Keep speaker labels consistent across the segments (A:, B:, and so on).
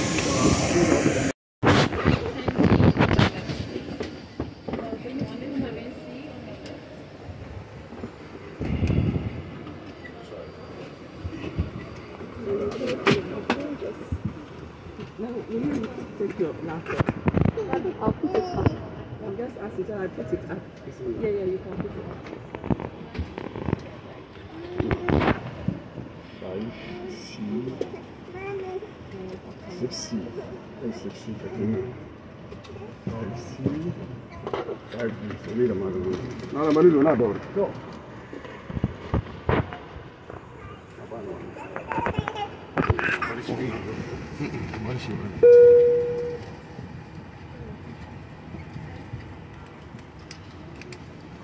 A: five,
B: C.
C: exercício. Exercício aqui, né? Exercício. Faz isso, mira, mano.
D: Nada, barulho, nada, dobra. Tchau.
E: Barış Yıldırım.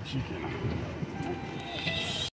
E: Kaşık yana.